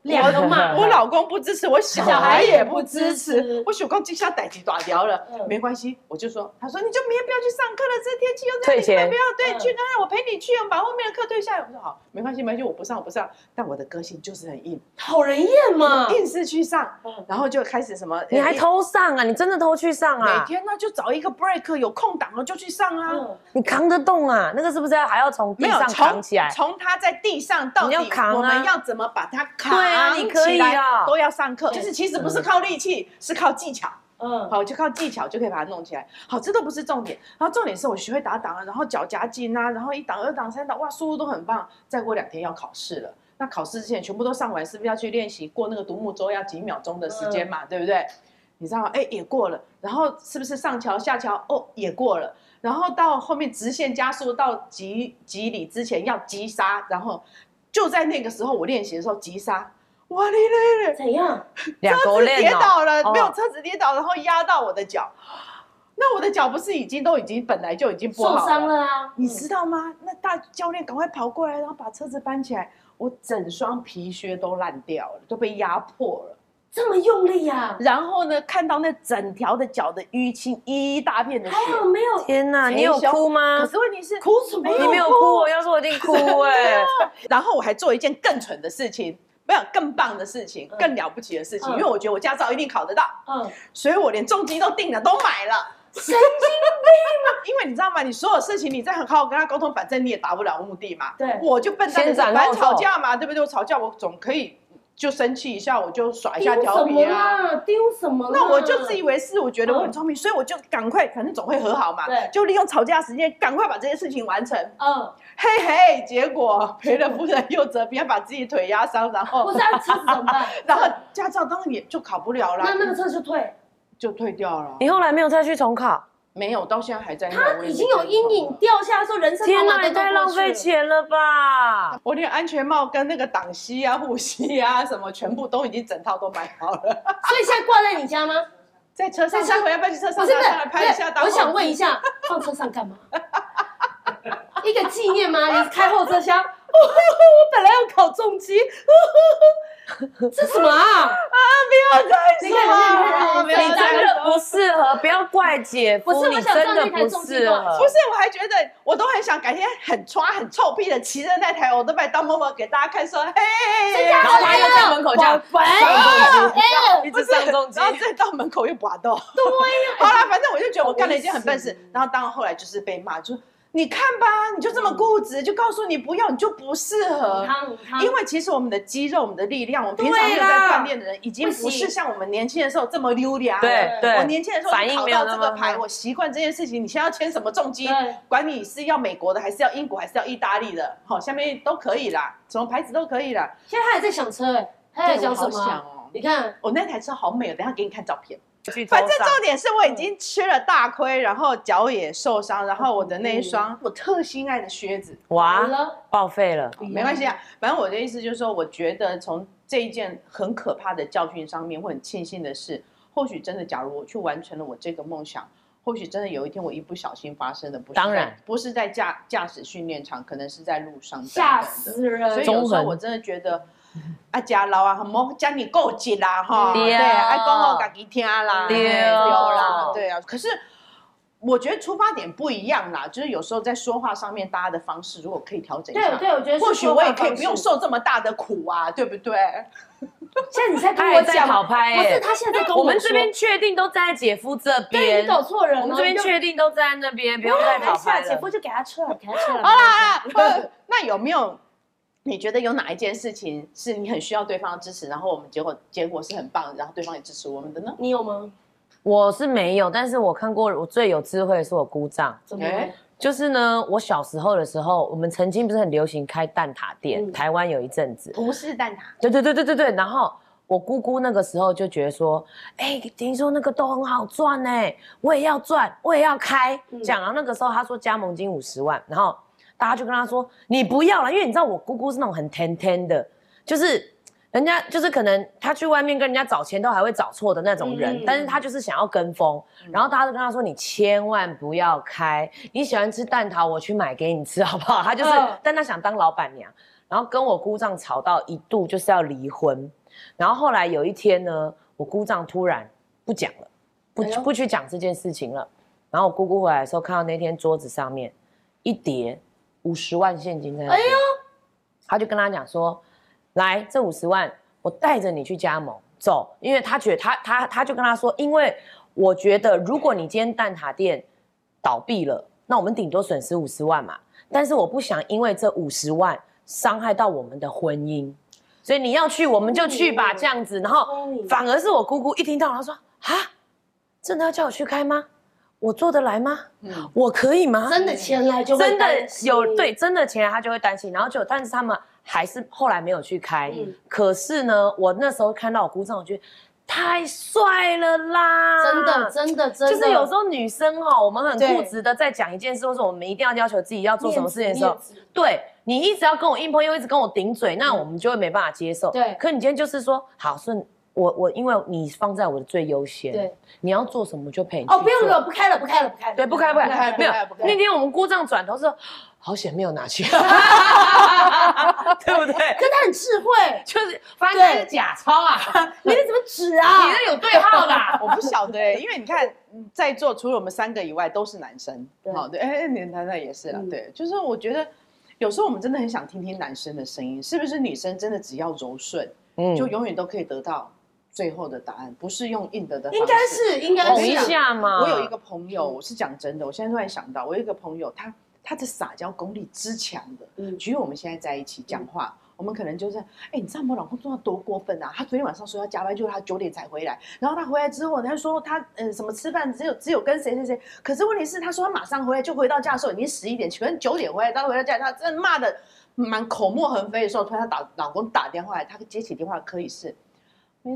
我老公不支持，我小孩也不支持，我想說這下代誌大條了。沒關係，我就說，他說，你就明天不要去上課了，這天氣又退錢，不要對，去哪，我陪你去，我們把後面的課對下來，我說好。沒關係，沒關係，我不上，我不上。但我的個性就是很硬，討人厭嘛，硬是去上，然後就。就開始什麼？欸、你還偷上啊？你真的偷去上啊？每天呢、啊，就找一個 break，有空檔了就去上啊，嗯。你扛得動啊？那個是不是還要從地上扛起來？從他在地上到底扛，啊，我們要怎麼把它扛起來？對啊，你可以啊，哦，都要上課。對就是其實不是靠力氣，對是靠技巧。嗯，好，就靠技巧就可以把它弄起來。好，這都不是重點。然後重點是我學會打檔了，然後腳夾緊啊，然後一檔、二檔、三檔，哇，速度都很棒。再過兩天要考試了。那考試之前全部都上完，是不是要去練習過那個獨木舟？要幾秒鐘的時間嘛，嗯、對不對？你知道，哎、欸，也過了。然後是不是上橋下橋？哦，也過了。然後到後面直線加速到幾幾里之前要急剎，然後就在那個時候我練習的時候急剎，哇咧咧，怎樣？車子跌倒了，沒有？車子跌倒，然後壓到我的腳。那我的腳不是已經都已經本來就已經不好了受傷了啊？嗯、你知道嗎？那大教練趕快跑過來，然後把車子搬起來。我整雙皮靴都爛掉了，都被壓破了，這麼用力呀、啊！然後呢，看到那整條的腳的淤青，一,一大片的血，好好沒有？天哪，凶你有哭嗎？可是問題是，哭什麼哭？你沒有哭，我要說我一定哭哎、欸！ 啊、 然後我還做一件更蠢的事情，不要更棒的事情，更了不起的事情，嗯嗯、因為我覺得我駕照一定考得到，嗯，所以我連重機都定了，都買了。神經病嗎？因為你知道嗎？你所有事情，你再好好跟他溝通，反正你也達不了目的嘛。對，我就笨蛋，反正吵架嘛，對不對？我吵架，我總可以就生氣一下，我就耍一下調皮啊。丟什麼？那我就自以為是，我覺得我很聰明，所以我就趕快，反正總會和好嘛。對，就利用吵架時間，趕快把這些事情完成。嗯，嘿嘿，結果賠了夫人又折兵，把自己腿壓傷，然後不是車麼，然後駕照當然也就考不了了，那那個車就退。就退掉了、啊。你後來沒有再去重考？沒有，到現在還在那。他已經有陰影掉下來說人生天哪，太浪費錢了吧！我連安全帽跟那個擋膝啊、護膝啊什麼，全部都已經整套都買好了。所以現在掛在你家嗎？在車上待會。上回車要不去車上是來拍一下擋膝。我想問一下，放車上幹嘛？一個紀念嗎？你開後車廂？ 我本來要考重機 這是什麼啊？啊，不要開車！你真的不適合，不要怪姐夫。不是，你真的不適合。不是，我還覺得我都很想改天很帥很臭屁的騎着那台，我都把當嬤嬤給大家看，說嘿，然後他又在門口這樣，哎，不是，然後再到門口又拔到。對好了，反正我就覺得我幹了一件很笨事。然後，當後來就是被罵，就。你看吧，你就這麼固執，嗯、就告訴你不要，你就不適合。因為其實我們的肌肉、我們的力量，我們平常有在鍛鍊的人，啦已經不是像我們年輕的時候這麼優良。對對。我年輕的時候反應麼考到這個牌，我習慣這件事情。你現在要牽什麼重機？對管你是要美國的，還是要英國，還是要意大利的，好，哦，下面都可以啦，什麼牌子都可以啦。現在他還在想車，欸，哎，他在想什麼？我想哦、你看，我那台車好美哦，等一下給你看照片。反正重點是，我已經吃了大虧，然後腳也受傷，然後我的那一雙我特心愛的靴子，完了，報廢了，嗯、沒關係啊。反正我的意思就是說，我覺得從這一件很可怕的教訓上面，我很慶幸的是，或許真的，假如我去完成了我這個夢想，或許真的有一天我一不小心發生的，不當然不是在駕、駕駛訓練場，可能是在路上等等，嚇死人。所以有時候我真的覺得。阿家老啊，很忙，家裡夠緊啦，哈，對，愛講個自己聽啦，對，丟啦。對啊。可是我覺得出發點不一樣啦，就是有時候在說話上面，大家的方式如果可以調整一下，對，對，我覺得，或許我也可以不用受這麼大的苦啊，對不對？現在你在跟我講，好拍，不是他現在在跟我們這邊確定都在姐夫這邊，你搞錯人，我們這邊確定都在那邊，不用害怕。姐夫就給他出來，給他出來。好了好了，那有沒有？你覺得有哪一件事情是你很需要對方支持，然後我們結果結果是很棒，然後對方也支持我們的呢？你有嗎？我是沒有，但是我看過我最有智慧的是我姑丈。怎麼、欸？就是呢，我小時候的時候，我們曾經不是很流行開蛋撻店，嗯、台灣有一陣子。不是蛋撻。對對對對對對。然後我姑姑那個時候就覺得說，哎，聽說那個都很好賺呢，我也要賺，我也要開。講了、嗯、那個時候，他說加盟金五十萬，然後。大家就跟他說：“你不要了，因為你知道我姑姑是那種很天天的，就是人家就是可能他去外面跟人家找錢都還會找錯的那種人，但是他就是想要跟風。然後大家都跟他說：你千萬不要開，你喜歡吃蛋撻，我去買給你吃好不好？他就是，但他想當老板娘，然後跟我姑丈吵到一度就是要離婚。然後後來有一天呢，我姑丈突然不講了，不不去講這件事情了。然後我姑姑回來的時候，看到那天桌子上面一疊。五十萬現金在那，哎呦，他就跟他講說，來，這五十萬我帶着你去加盟，走。因為他覺得他他他，他就跟他說，因為我覺得如果你今天蛋撻店倒閉了，那我們頂多損失五十萬嘛，但是我不想因為這五十萬傷害到我們的婚姻，所以你要去我們就去吧，這樣子。然後反而是我姑姑一聽到，他說，啊，真的要叫我去開嗎？我做得來嗎？嗯、我可以嗎？真的前來就會真的有，對，真的前來他就會擔心，然後就但是他們還是後來沒有去開。嗯、可是呢，我那時候看到我姑丈，我覺得太帥了啦！真的真的真的，真的真的就是有時候女生哦，我們很固執的在講一件事，對或者我們一定要要求自己要做什麼事情的時候，你你對你一直要跟我硬碰，又一直跟我頂嘴，那我們就會沒辦法接受。嗯、對，可你今天就是說好順。所以我我因為你放在我的最優先，對，你要做什麼就陪你哦，不用了，不開了，不開了，不開了，對，不開，不開，不開，沒有。那天我們姑丈轉頭說，好險沒有拿去，對不對？但他很智慧，就是發現是假鈔啊，你那怎麼紙啊？你那有對號啦？我不曉得，因為你看在座除了我們三個以外都是男生，對，對，哎，連太太也是啊，對，就是我覺得有時候我們真的很想聽聽男生的聲音，是不是？女生真的只要柔順，嗯，就永遠都可以得到。最後的答案不是用硬的的方式，應該是哄一下嘛。我有一個朋友，我是講真的，我現在突然想到，我有一個朋友，他他的撒嬌功力之強的，嗯，比如我們現在在一起講話，嗯嗯、我們可能就是，哎，你知道我們老公做得多過分啊？他昨天晚上說要加班，就是他九點才回來，然後他回來之後，他說他嗯、呃、什麼吃飯只有只有跟誰誰誰，可是問題是他說他馬上回來，就回到家的時候已經十一點，請問九點回來他回到家，他真的罵的滿口沫橫飛的時候，突然他打老公打電話來，他接起電話可以是。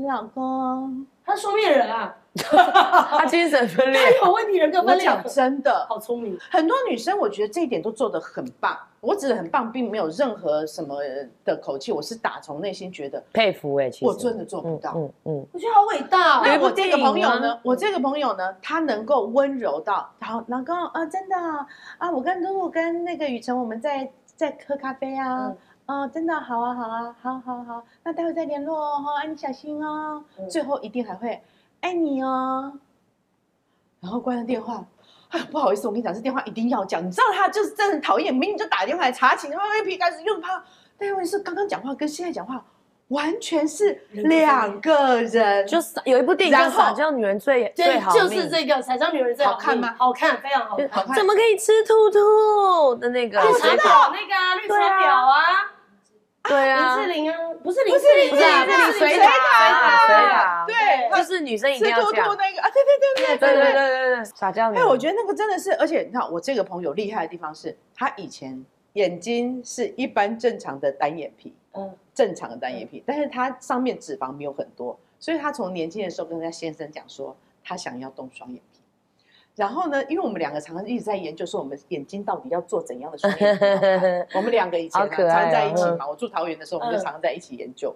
沒老公、啊，他雙面人啊， 他精神分裂、啊，他有問題，人格分裂。我講真的，好聰明，很多女生我覺得這一點都做得很棒。我只是很棒，並沒有任何什麼的口氣，我是打從內心覺得佩服哎，我真的做不到，嗯、欸、嗯，嗯嗯我覺得好偉大、啊。那我這個朋友呢，嗯、我這個朋友呢，他能夠溫柔到，好老公啊，真的啊，啊，我跟露露跟那個雨辰，我們在在喝咖啡啊。嗯哦，oh, 真的好啊，好啊，好啊好、啊、好，啊好啊，那待會再聯絡哦，哈，啊，愛你小心哦，嗯，最後一定還會愛你哦。嗯，然後關了電話，哎，嗯，不好意思，我跟你講，這電話一定要講，你知道他就是真的很討厭，明明就打電話來查寢，他為皮開始又怕。但問題是剛剛講，剛剛講話跟現在講話完全是兩個人，嗯嗯，就是有一部電影叫，叫撒嬌女人最最好，就是這個撒嬌女人最好，好看嗎？好看，非常好看。好看怎麼可以吃兔兔的那個，我知道綠茶婊，那個綠茶婊啊？.對啊，林志玲啊，不是林志玲，不是林志玲，不是水塔，誰，對，就是女生一定要這樣。是多多那個啊，對對對對對對對對對，傻傢伙。哎，我覺得那個真的是，而且你看我這個朋友厲害的地方是，他以前眼睛是一般正常的單眼皮，嗯，正常的單眼皮，但是他上面脂肪沒有很多，所以他從年輕的時候跟他先生講說，他想要動雙眼。然後呢？因為我們兩個常常一直在研究，說我們眼睛，到底要做怎樣的雙眼皮。我們兩個以前、啊、常在一起嘛。我住桃園的時候，我們就常在一起研究。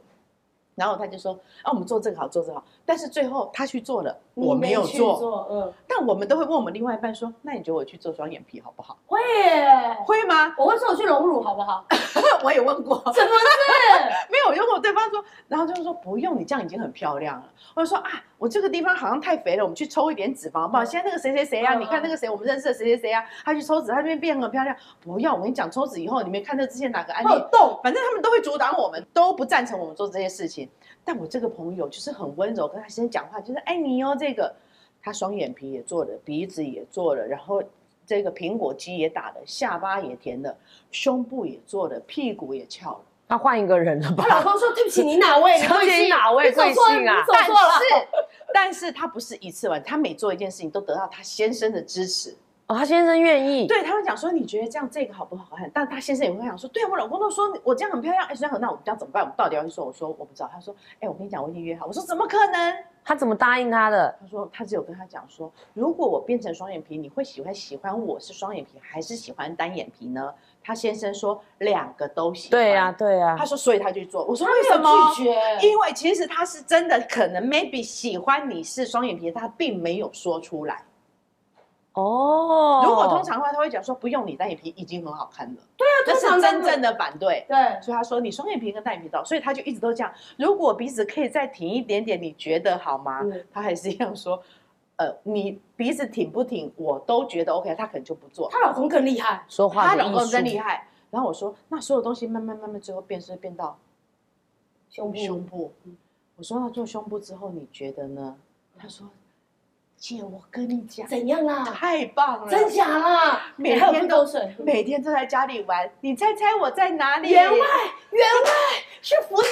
然後他就說：“啊，我們做這個好，做這個好。”但是最後他去做了，我沒有做。嗯，但我們都會問我們另外一半說：“那你覺得我去做雙眼皮好不好？”“會耶 會嗎？”“我會說我去隆乳好不好？”“ 我也問過。”“怎麼是？”“ 沒有。”“就和對方說。”“然後就是說不用，你這樣已經很漂亮了。”我就說：“啊。”我這個地方好像太肥了，我們去抽一點脂肪吧。不好？現在那個誰誰誰呀，你看那個誰，我們認識的誰誰誰啊，他去抽脂，他那邊變很漂亮。不要，我跟你講，抽脂以後，你們看這之前哪個案例動？反正他們都會阻擋我們，都不贊成我們做這些事情。但我這個朋友就是很溫柔，跟他先講話，就是愛、哎、你哦。這個他雙眼皮也做了，鼻子也做了，然後這個蘋果肌也打了，下巴也填了，胸部也做了，屁股也翹了。她換一個人了吧？她老公說：“對不起，你哪位？你走哪位？走錯了。”但是，但是他不是一次完，他每做一件事情都得到他先生的支持。哦，他先生願意。對他會講說：“你覺得這樣這個好不好看？”但是他先生也會講說：“對我老公都說我這樣很漂亮。”哎，雖然很，那我們這樣怎麼辦？到底要去做？我說我不知道。他說：“哎，我跟你講，我已經約好。”我說：“怎麼可能？”他怎麼答應他的？他說：“他只有跟他講說，如果我變成雙眼皮，你會喜歡喜歡我是雙眼皮，還是喜歡單眼皮呢？”他先生說，兩個都行。對呀、啊、對呀、啊。他說，所以他去做。我說為什麼？因為其實他是真的可能 maybe 喜歡你是雙眼皮，他並沒有說出來。哦，如果通常的話他會講說，不用，你單眼皮已經很好看了。對啊，這是真正的反對。對，所以他說你雙眼皮跟單眼皮照，所以他就一直都這樣。如果鼻子可以再挺一點點，你覺得好嗎？嗯、他還是一樣說。呃，你鼻子挺不挺，我都覺得 OK，她可能就不做。她老公更厲害，說話。她老公更厲害。然後我說，那所有東西慢慢慢慢最後變，是變到胸部？胸部。我說要做胸部之後，你覺得呢？她說：“姐，我跟你講，怎樣啦？太棒了，真假啊？每天都每天都在家裡玩，你猜猜我在哪裡？原外，原外是福田。」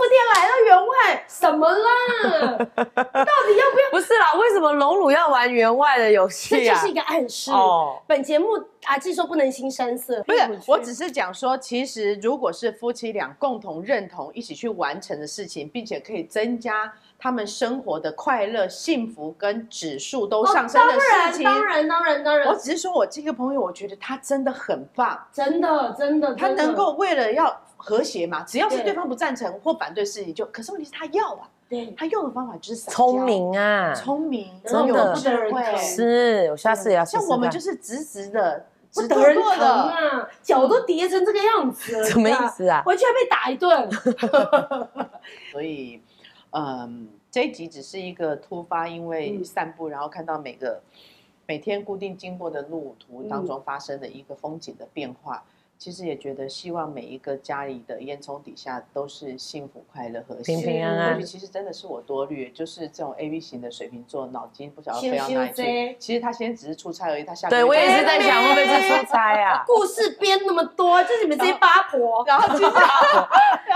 昨天來了員外，什麼啦？ 到底要不要？不是啦，為什麼龍魯要玩員外的遊戲啊？這就是一個暗示。Oh. 本節目啊，據說不能心生色。不是，我只是講說，其實如果是夫妻倆共同認同、一起去完成的事情，並且可以增加他們生活的快樂、幸福跟指數都上升的事情，哦，當然，當然，當然，當然。我只是說我這個朋友，我覺得他真的很棒，真的，真的，真的他能夠為了要。和諧嘛，只要是對方不贊成或反對事情，就了可是問題是他要啊，對，他用的方法就是撒嬌，聰明啊，聰明，真的，不得人是我下次也要試試像我們就是直直的，不得人疼啊，不腳都疊成這個樣子，嗯啊、什麼意思啊？回去還被打一頓， 所以，嗯，這一集只是一個突發，因為散步，然後看到每個每天固定經過的路途當中發生的一個風景的變化。嗯其實也覺得希望每一個家裡的煙囪底下都是幸福、快樂和幸福平，平安、啊。或許其，其實真的是我多慮，就是這種 AB 型的水瓶座腦筋不曉得飛到哪裡去。其實他現在只是出差而已，他下對我、哎、也是在想，會不會是出差啊？故事編那麼多，就你們這裡面只有八婆，然後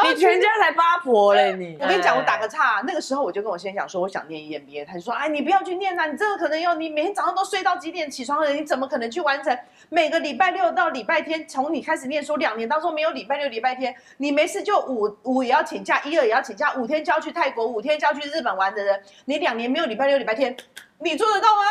你全家才八婆嘞！你，我跟你、哎、你講，我打個岔、啊，那個時候我就跟我先生講說，我想念 MBA，他就說，哎，你不要去念啊，你這個可能要你每天早上都睡到幾點起床的人，你怎麼可能去完成每個禮拜六到禮拜天從你開開始念書兩年，當中沒有禮拜六、禮拜天，你沒事就五五也要請假，一二也要請假，五天就要去泰國，五天就要去日本玩的人，你兩年沒有禮拜六、禮拜天，你做得到嗎？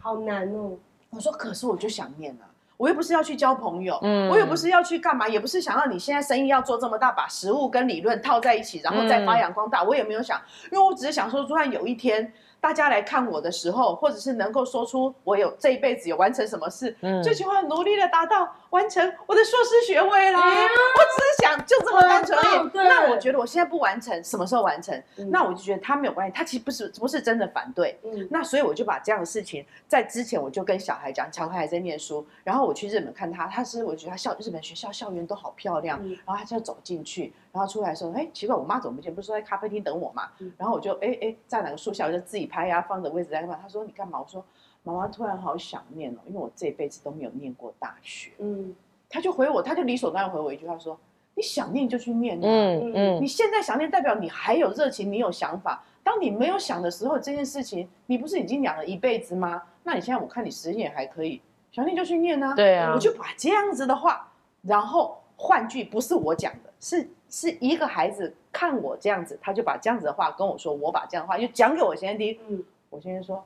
好難哦！我說，可是我就想念了，我又不是要去交朋友，嗯，我又不是要去幹嘛，也不是想要你現在生意要做這麼大，把實務跟理論套在一起，然後再發揚光大，嗯，我也沒有想，因為我只是想說，就算有一天大家來看我的時候，或者是能夠說出我有這一輩子有完成什麼事，嗯，最起碼努力的達到。完成我的碩士學位了，啊，Yeah, 我只是想就這麼單純而已。那我覺得我現在不完成，什麼時候完成？嗯、那我就覺得他沒有關係，他其實不是不是真的反對。嗯，那所以我就把這樣的事情在之前我就跟小孩講，小孩還在念書，然後我去日本看他，他是我覺得他校日本學校校園都好漂亮，嗯、然後他就走進去，然後出來說，哎、欸，奇怪，我媽怎麼不見？不是說在咖啡廳等我嗎？嗯、然後我就哎哎，在、欸欸、哪個樹下，我就自己拍呀，啊，放的位置在那。他說你幹嘛？我說。媽媽突然好想念哦，因為我這輩子都沒有念過大學。嗯，他就回我，他就理所當然回我一句話說：“你想念就去念嗯、啊、嗯，嗯你現在想念代表你還有熱情，你有想法。當你沒有想的時候，這件事情你不是已經講了一輩子嗎？那你現在我看你時間也還可以，想念就去念啊。對啊，我就把這樣子的話，然後換句不是我講的，是是一個孩子看我這樣子，他就把這樣子的話跟我說，我把這樣的話就講給我先生聽。嗯，我先生說。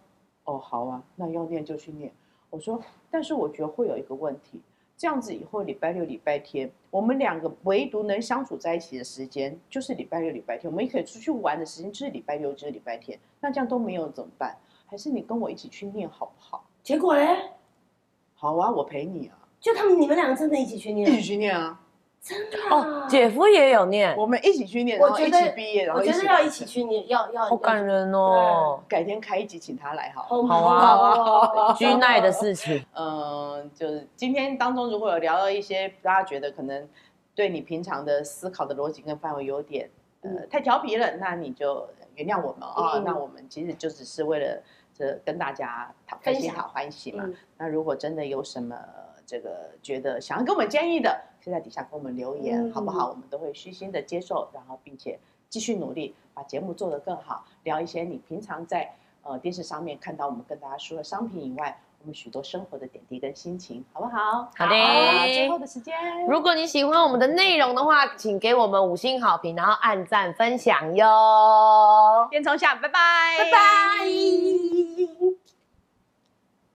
哦，好啊，那要念就去念。我說，但是我覺得會有一個問題，這樣子以後禮拜六、禮拜天，我們兩個唯獨能相處在一起的時間就是禮拜六、禮拜天，我們也可以出去玩的時間就是禮拜六，就是禮拜天。那這樣都沒有怎麼辦？還是你跟我一起去念好不好？結果嘞？好啊，我陪你啊。就他們你們兩個真的一起去念啊？一起去念啊。哦，姐夫也有念，我們一起去念，然後一起畢業，然後我覺得要一起去念，要要。好感人哦！改天開一集，請他來好好啊，好君奈的事情。嗯，就是今天當中如果有聊到一些大家覺得可能對你平常的思考的邏輯跟範圍有點呃太調皮了，那你就原諒我們啊。那我們其實就只是為了這跟大家討好。好。好。歡喜嘛。那如果真的有什麼。這個覺得想要給我們建議的，現在底下給我們留言，嗯、好不好？我們都會虛心的接受，然後並且繼續努力，把節目做得更好。聊一些你平常在呃電視上面看到我們跟大家說的商品以外，我們許多生活的點滴跟心情，好不好？好的嘞，最後的時間，如果你喜歡我們的內容的話，請給我們五星好評，然後按讚分享喲。煙囪下，拜拜，拜拜。